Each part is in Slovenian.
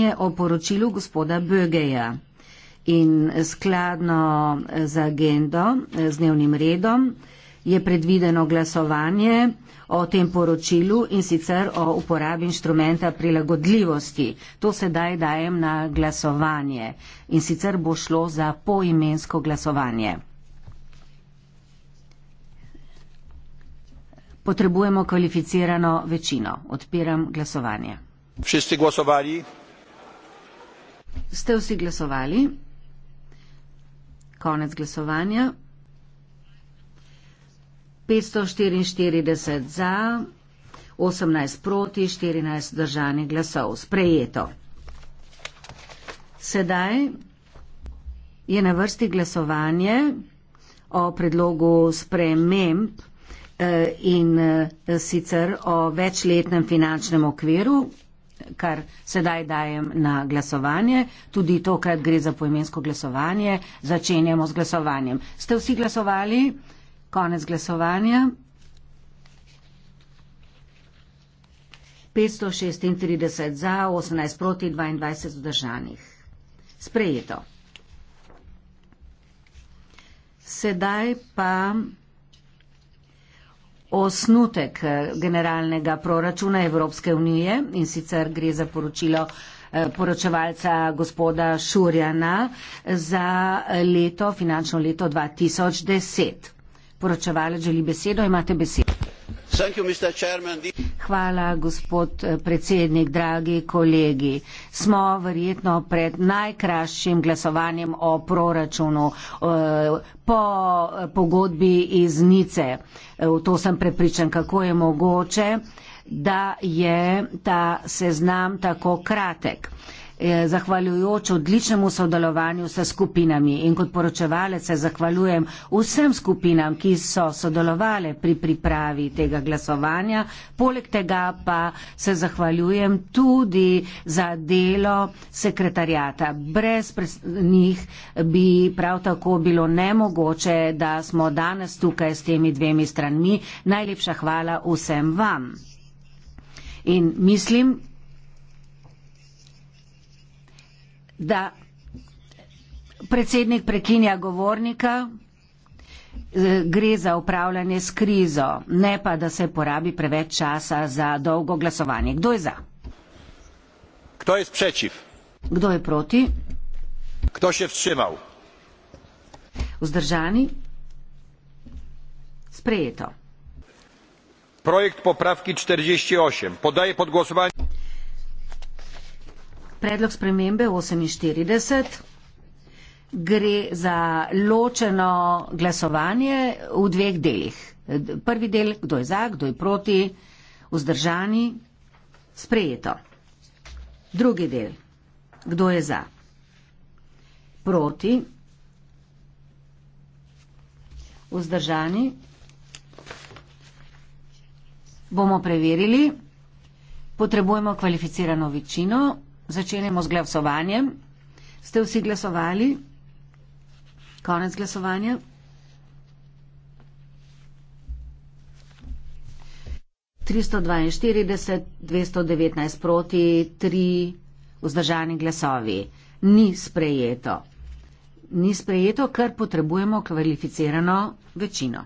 je o poročilu gospoda Bögeja. In skladno z agendo, z dnevnim redom, je predvideno glasovanje o tem poročilu in sicer o uporabi inštrumenta prilagodljivosti. To sedaj dajem na glasovanje in sicer bo šlo za poimensko glasovanje. Potrebujemo kvalificirano večino. Odpiram glasovanje. Vsi glasovali? Ste vsi glasovali? Konec glasovanja. 544 za, 18 proti, 14 držanih glasov. Sprejeto. Sedaj je na vrsti glasovanje o predlogu sprememb eh, in eh, sicer o večletnem finančnem okviru kar sedaj dajem na glasovanje. Tudi tokrat gre za poimensko glasovanje. Začenjamo z glasovanjem. Ste vsi glasovali? Konec glasovanja. 536 za, 18 proti, 22 zdržanih. Sprejeto. Sedaj pa osnutek eh, generalnega proračuna Evropske unije in sicer gre za poročilo eh, poročevalca gospoda Šurjana za leto, finančno leto 2010. Poročevalec želi besedo, imate besedo. Thank you, Mr. Chairman hvala, gospod eh, predsednik, dragi kolegi. Smo verjetno pred najkrajšim glasovanjem o proračunu eh, po eh, pogodbi iz Nice. V to sem prepričan, kako je mogoče, da je ta seznam tako kratek zahvaljujoč odličnemu sodelovanju s skupinami in kot poročevalec se zahvaljujem vsem skupinam, ki so sodelovali pri pripravi tega glasovanja. Poleg tega pa se zahvaljujem tudi za delo sekretarjata. Brez njih bi prav tako bilo nemogoče, da smo danes tukaj s temi dvemi stranmi. Najlepša hvala vsem vam. In mislim, da predsednik prekinja govornika, e, gre za upravljanje s krizo, ne pa da se porabi preveč časa za dolgo glasovanje. Kdo je za? Kdo je sprečiv? Kdo je proti? Kdo še vstrzimal? Vzdržani? Sprejeto. Projekt popravki 48 podaje pod glasovanje predlog spremembe 48. Gre za ločeno glasovanje v dveh delih. Prvi del, kdo je za, kdo je proti, vzdržani, sprejeto. Drugi del, kdo je za, proti, vzdržani, bomo preverili, potrebujemo kvalificirano večino. Začenjamo z glasovanjem. Ste vsi glasovali? Konec glasovanja. tristo dvainštirideset dvesto devetnajst proti tri vzdržani glasovi ni sprejeto ni sprejeto ker potrebujemo kvalificirano večino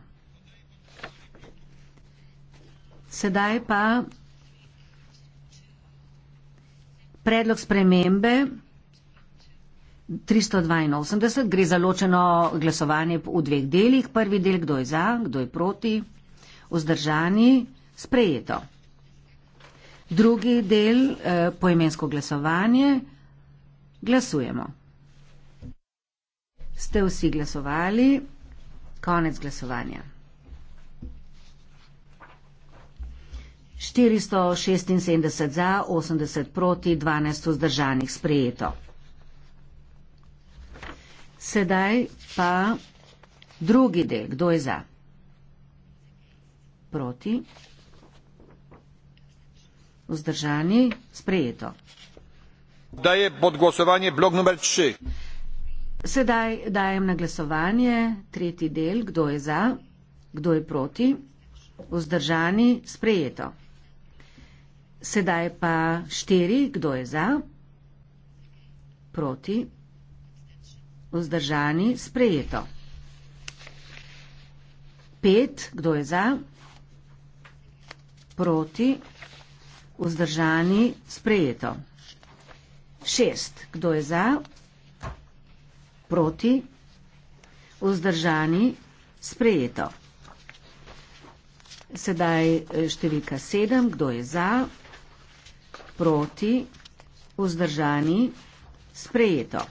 sedaj pa predlog spremembe 382 gre za ločeno glasovanje v dveh delih. Prvi del, kdo je za, kdo je proti, vzdržani, sprejeto. Drugi del, eh, poimensko glasovanje, glasujemo. Ste vsi glasovali? Konec glasovanja. 476 za, 80 proti, 12 vzdržanih sprejeto. Sedaj pa drugi del. Kdo je za? Proti. Vzdržani sprejeto. Daje pod glasovanje blok numer 3. Sedaj dajem na glasovanje tretji del. Kdo je za? Kdo je proti? Vzdržani sprejeto. Sedaj pa štiri, kdo je za, proti, vzdržani, sprejeto. Pet, kdo je za, proti, vzdržani, sprejeto. Šest, kdo je za, proti, vzdržani, sprejeto. Sedaj eh, številka sedem, kdo je za, proti, vzdržani, sprejeto proti, vzdržani, sprejeto.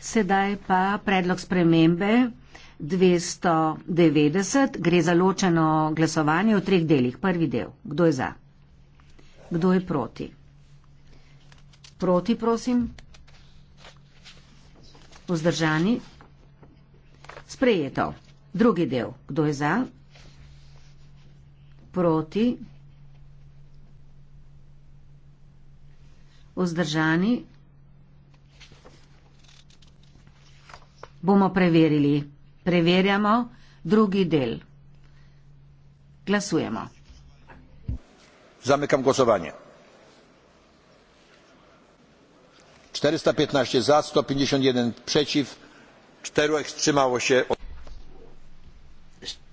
Sedaj pa predlog spremembe 290. Gre za ločeno glasovanje v treh delih. Prvi del. Kdo je za? Kdo je proti? Proti, prosim. Vzdržani. Sprejeto. Drugi del. Kdo je za? proti, vzdržani. Bomo preverili. Preverjamo drugi del. Glasujemo. Zamekam glasovanje. 415 za, 151 proti, 4 vzdržalo se.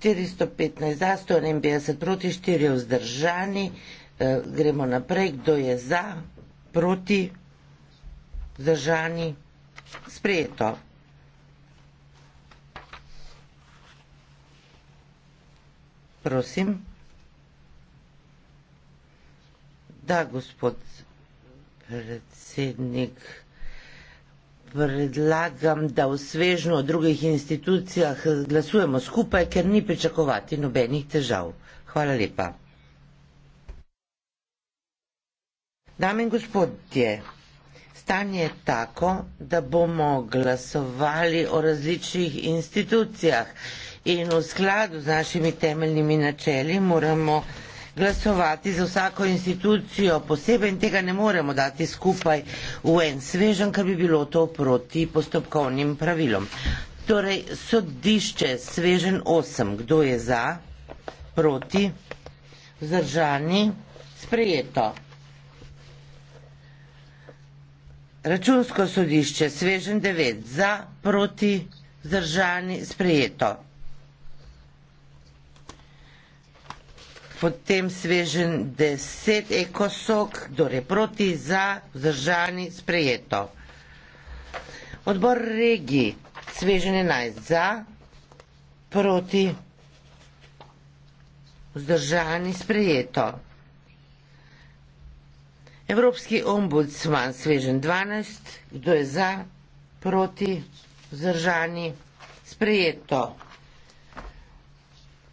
415 za, 151 proti, 4 vzdržani. Eh, gremo naprej, kdo je za, proti, vzdržani, sprejeto. Prosim. Da, gospod predsednik predlagam, da v svežnju o drugih institucijah glasujemo skupaj, ker ni pričakovati nobenih težav. Hvala lepa. Dame in gospodje, stanje je tako, da bomo glasovali o različnih institucijah in v skladu z našimi temeljnimi načeli moramo glasovati za vsako institucijo posebej in tega ne moremo dati skupaj v en svežen, ker bi bilo to proti postopkovnim pravilom. Torej, sodišče svežen 8, kdo je za, proti, vzdržani, sprejeto. Računsko sodišče svežen 9, za, proti, vzdržani, sprejeto. potem svežen 10 ekosok, torej proti za vzdržani sprejeto. Odbor regi svežen 11 za, proti vzdržani sprejeto. Evropski ombudsman svežen 12, kdo je za, proti vzdržani sprejeto.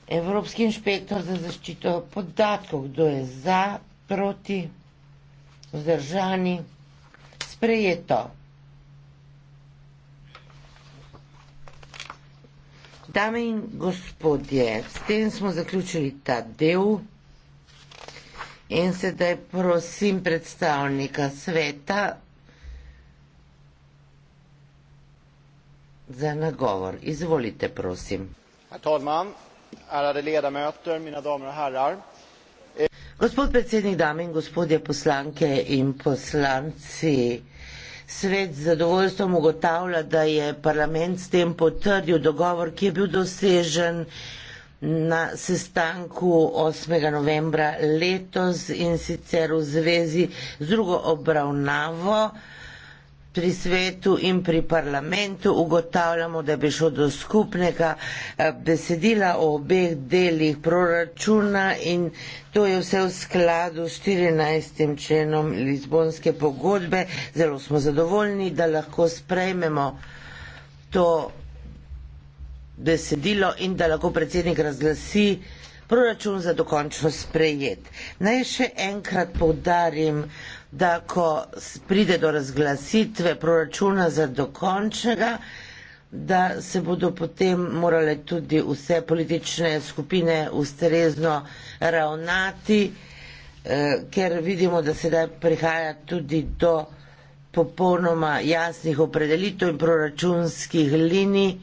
Evropski inšpektor za zaščito podatkov, kdo je za, proti, vzdržani, sprejeto. Dame in gospodje, s tem smo zaključili ta del in sedaj prosim predstavnika sveta za nagovor. Izvolite, prosim. Herr Tordmann, ärade ledamöter, mina damer och herrar. Gospod predsednik, dame in gospodje poslanke in poslanci, svet z zadovoljstvom ugotavlja, da je parlament s tem potrdil dogovor, ki je bil dosežen na sestanku 8. novembra letos in sicer v zvezi z drugo obravnavo pri svetu in pri parlamentu ugotavljamo, da bi šlo do skupnega eh, besedila o obeh delih proračuna in to je vse v skladu s 14. členom Lizbonske pogodbe. Zelo smo zadovoljni, da lahko sprejmemo to besedilo in da lahko predsednik razglasi proračun za dokončno sprejet. Naj še enkrat povdarim, da ko pride do razglasitve proračuna za dokončnega, da se bodo potem morale tudi vse politične skupine ustrezno ravnati, eh, ker vidimo, da sedaj prihaja tudi do popolnoma jasnih opredelitev in proračunskih linij.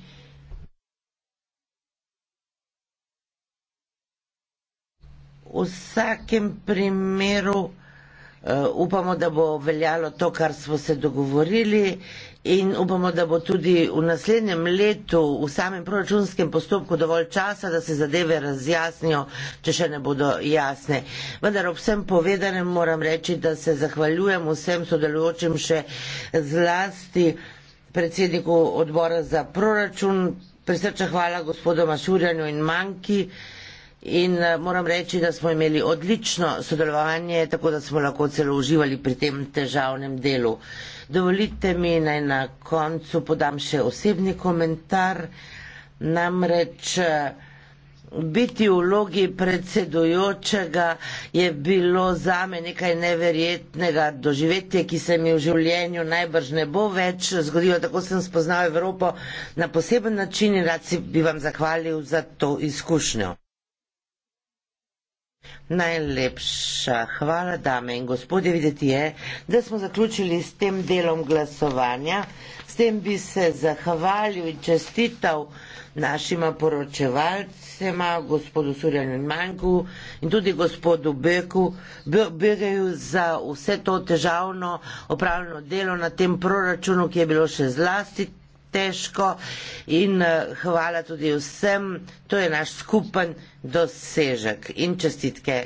V vsakem primeru Eh, upamo, da bo veljalo to, kar smo se dogovorili in upamo, da bo tudi v naslednjem letu v samem proračunskem postopku dovolj časa, da se zadeve razjasnijo, če še ne bodo jasne. Vendar ob vsem povedanem moram reči, da se zahvaljujem vsem sodelujočim še zlasti predsedniku odbora za proračun. Presrča hvala gospodoma Šurjanju in Manki. In eh, moram reči, da smo imeli odlično sodelovanje, tako da smo lahko celo uživali pri tem težavnem delu. Dovolite mi naj na koncu podam še osebni komentar. Namreč eh, biti v vlogi predsedujočega je bilo zame nekaj neverjetnega doživetje, ki se mi v življenju najbrž ne bo več zgodilo. Tako sem spoznal Evropo na poseben način in rad si bi vam zahvalil za to izkušnjo. Najlepša hvala, dame in gospodje. Videti je, da smo zaključili s tem delom glasovanja. S tem bi se zahvalil in čestital našima poročevalcema, gospodu Surjanu Manku in tudi gospodu Beku, Begeju za vse to težavno opravljeno delo na tem proračunu, ki je bilo še zlasti težko in eh, hvala tudi vsem, to je naš skupen dosežek in čestitke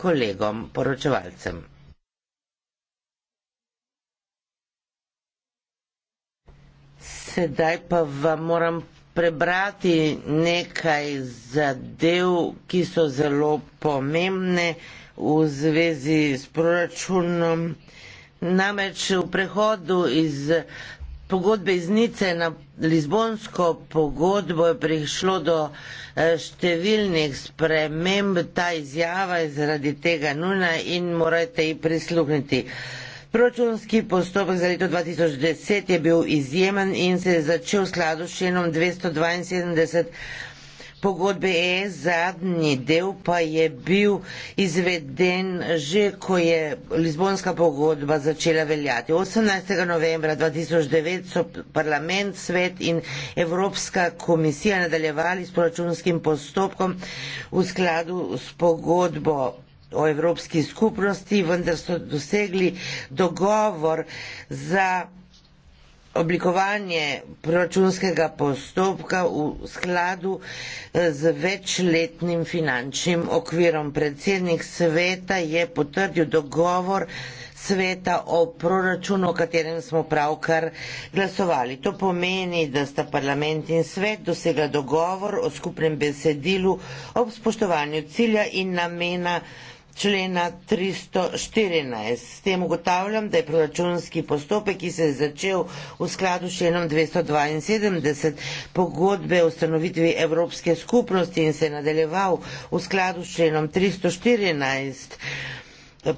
kolegom poročevalcem. Sedaj pa vam moram prebrati nekaj zadev, ki so zelo pomembne v zvezi s proračunom. Namreč v prehodu iz pogodbe iz Nice na Lizbonsko pogodbo je prišlo do eh, številnih sprememb, ta izjava je zaradi tega nujna in morate ji prisluhniti. Proračunski postopek za leto 2010 je bil izjemen in se je začel v skladu s členom 272 pogodbe E, zadnji del pa je bil izveden že, ko je Lizbonska pogodba začela veljati. 18. novembra 2009 so parlament, svet in Evropska komisija nadaljevali s proračunskim postopkom v skladu s pogodbo o Evropski skupnosti, vendar so dosegli dogovor za oblikovanje proračunskega postopka v skladu eh, z večletnim finančnim okvirom. Predsednik sveta je potrdil dogovor sveta o proračunu, o katerem smo pravkar glasovali. To pomeni, da sta parlament in svet dosegla dogovor o skupnem besedilu ob spoštovanju cilja in namena člena 314. S tem ugotavljam, da je proračunski postopek, ki se je začel v skladu s členom 272 pogodbe o ustanovitvi Evropske skupnosti in se je nadaljeval v skladu s členom 314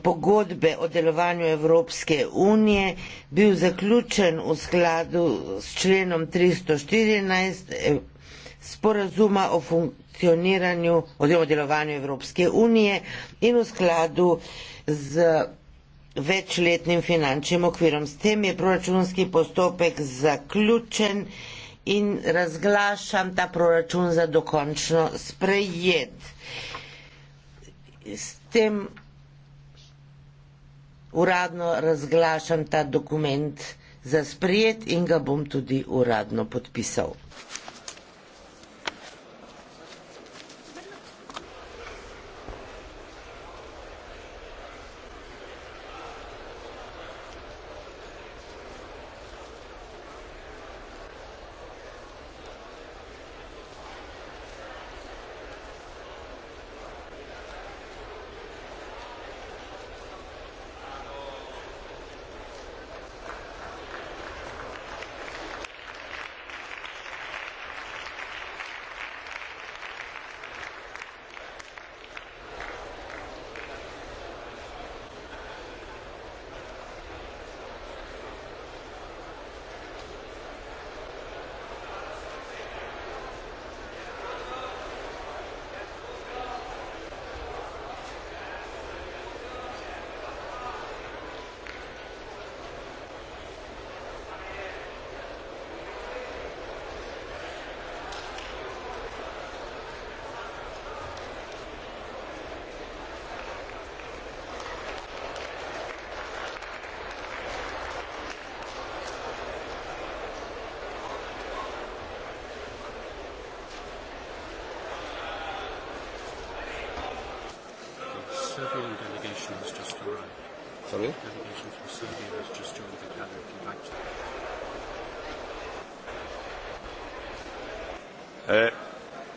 pogodbe o delovanju Evropske unije, bil zaključen v skladu s členom 314 sporazuma o funkcioniranju oziroma delovanju Evropske unije in v skladu z večletnim finančnim okvirom. S tem je proračunski postopek zaključen in razglašam ta proračun za dokončno sprejet. S tem uradno razglašam ta dokument za sprejet in ga bom tudi uradno podpisal.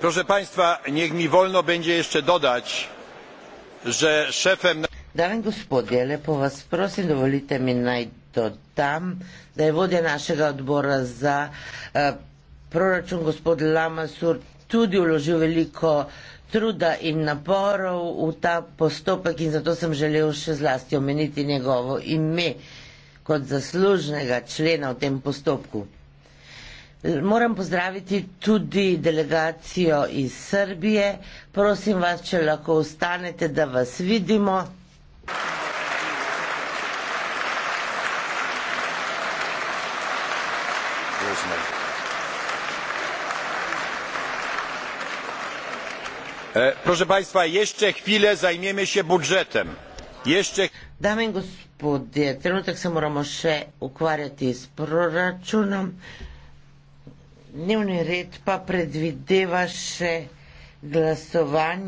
proszę państwa niech mi wolno będzie jeszcze dodać że szefem Dame gospodje, lepo vas prosim, dovolite mi naj dodam, da je vodja našega odbora za eh, proračun gospod Lamasur tudi uložil veliko truda in naporov v ta postopek in zato sem želel še zlasti omeniti njegovo ime kot zaslužnega člena v tem postopku. Moram pozdraviti tudi delegacijo iz Srbije. Prosim vas, če lahko ustanete, da vas vidimo. E, proszę Państwa, jeszcze chwilę zajmiemy się budżetem. Jeszcze... Dame i gospodje, trenutek se moramo še ukvarjati s proračunom dnevni red pa predvideva še glasovanje.